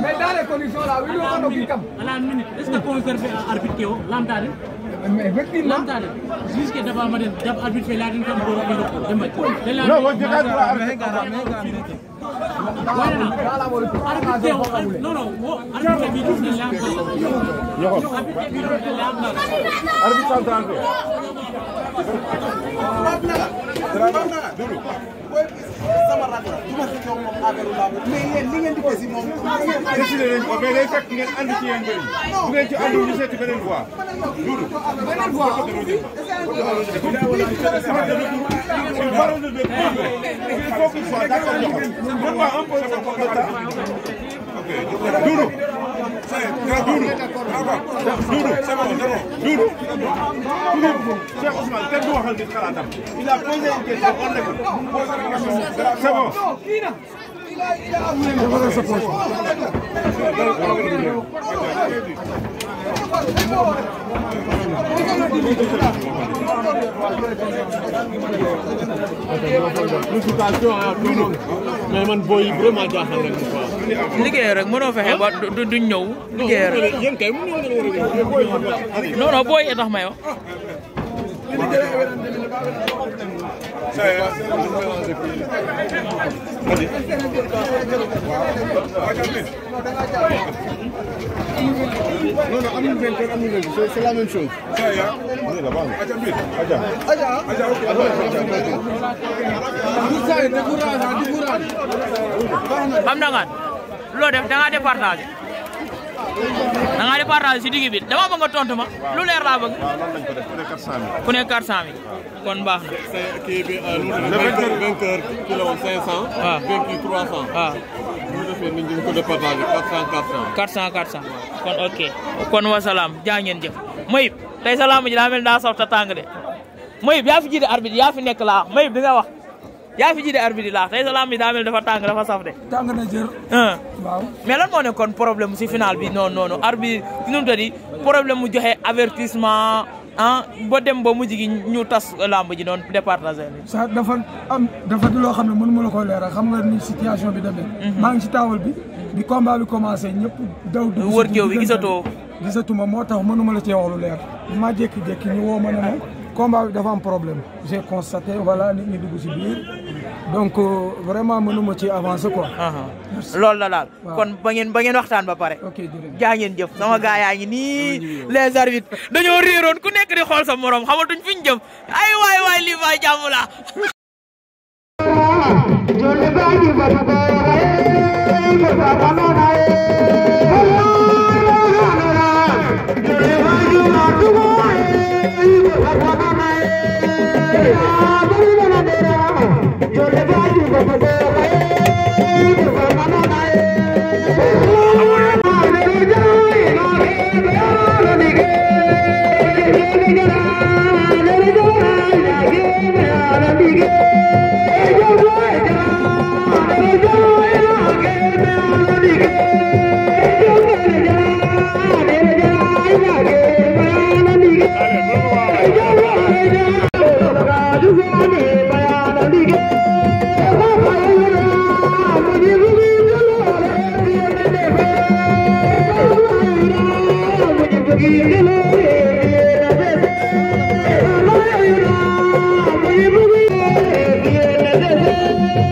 mais dans les conditions là wiin wogano fi kam ala an minute est ce que conserve arbitre ke o lamtade mais effectivement lamtade juge ke dabama den dab arbitre fe laadin kam goro ɓeno dembaƴ non wo jega droit arbitre arbitre central fe baat na la. baat na la Doudou. booy sama rakk la. du ma si jox moom affaire laabu. mais yéen li ngeen di gis moom. décidé nañ ko mais day fekk ngeen ànd ci yéen bëri. bu ngeen ci ànd ñu seeti beneen voie. Doudou. beneen voie. il faut qu'il soit d'accord. Doudou. Il a posé une question, on l'écoute. C'est bon. Il a, il a mais man booy yi vraiment jaaxal rek quoi. liggéey rek mënoo fexe ba du duñ ñëw. liggéey rek yéen kay mënoo ngeen war a non non booy yi tax may yow. Non, non, amul vainqueur, amul vainqueur, c'est la même chose. Ça y est. On est là-bas. Adja Bir. Adja. Adja. Adja, ok. Moussa, décourage, décourage. Bam dangan. Lo def da nga départager. da ngaa di partage si digg bi dama bëgg nga tontu ma. lu leer laa bëgg. waaw loolu lañ ko def ku ne 400000. ku ne 400000. kon baax na. kii a euh, le vainqueur vainqueur ki la woon 500. waaw vaincu 300. waaw. bu ñu defee nit ñi ko def partage 400 400. 400 kon ok. kon wasalaam jaa jëf. Mayib tey salaam ji daa mel daa soxla tàng de Mayib yaa fi yaa fi nekk laa Mayib di nga wax. yaa fi ji de arbitre di laax tey sa lamb bi daa mel dafa tàng dafa saf de. tàng na jër. waaw mais lan moo nekkoon problème si finaal bi non non non arbitre bi nu mu tëddi problème mu joxe avertissement ah boo dem ba mu gi ñu tas lamb ji noonu départagé. sa dafa am dafa loo xam ne mënu ma la koy leeral xam nga ni situation bi demee. Mhm. maa ngi si table bi. di mhm. combat bi commencé ñëpp daw. du wër géew bi gisatoo gisatuma moo tax mënu ma la cee wax lu leer. maa jékki-jékki ñu woo ma. combat bi dafa am problème j'ai constaté voilà nit ñi dugg si biir donc euh, vraiment mënuma ci avancer quoi. loolu la daal. kon ba ngeen ba ngeen waxtaan ba pare. ok jërëjëf ngeen jëf sama gaay yaa ngi ni les arbitres dañoo réeroon ku nekk di xol sa morom xamatuñ fi jëm ay waay waay lii ba ba ba ba Yeah. Thank you.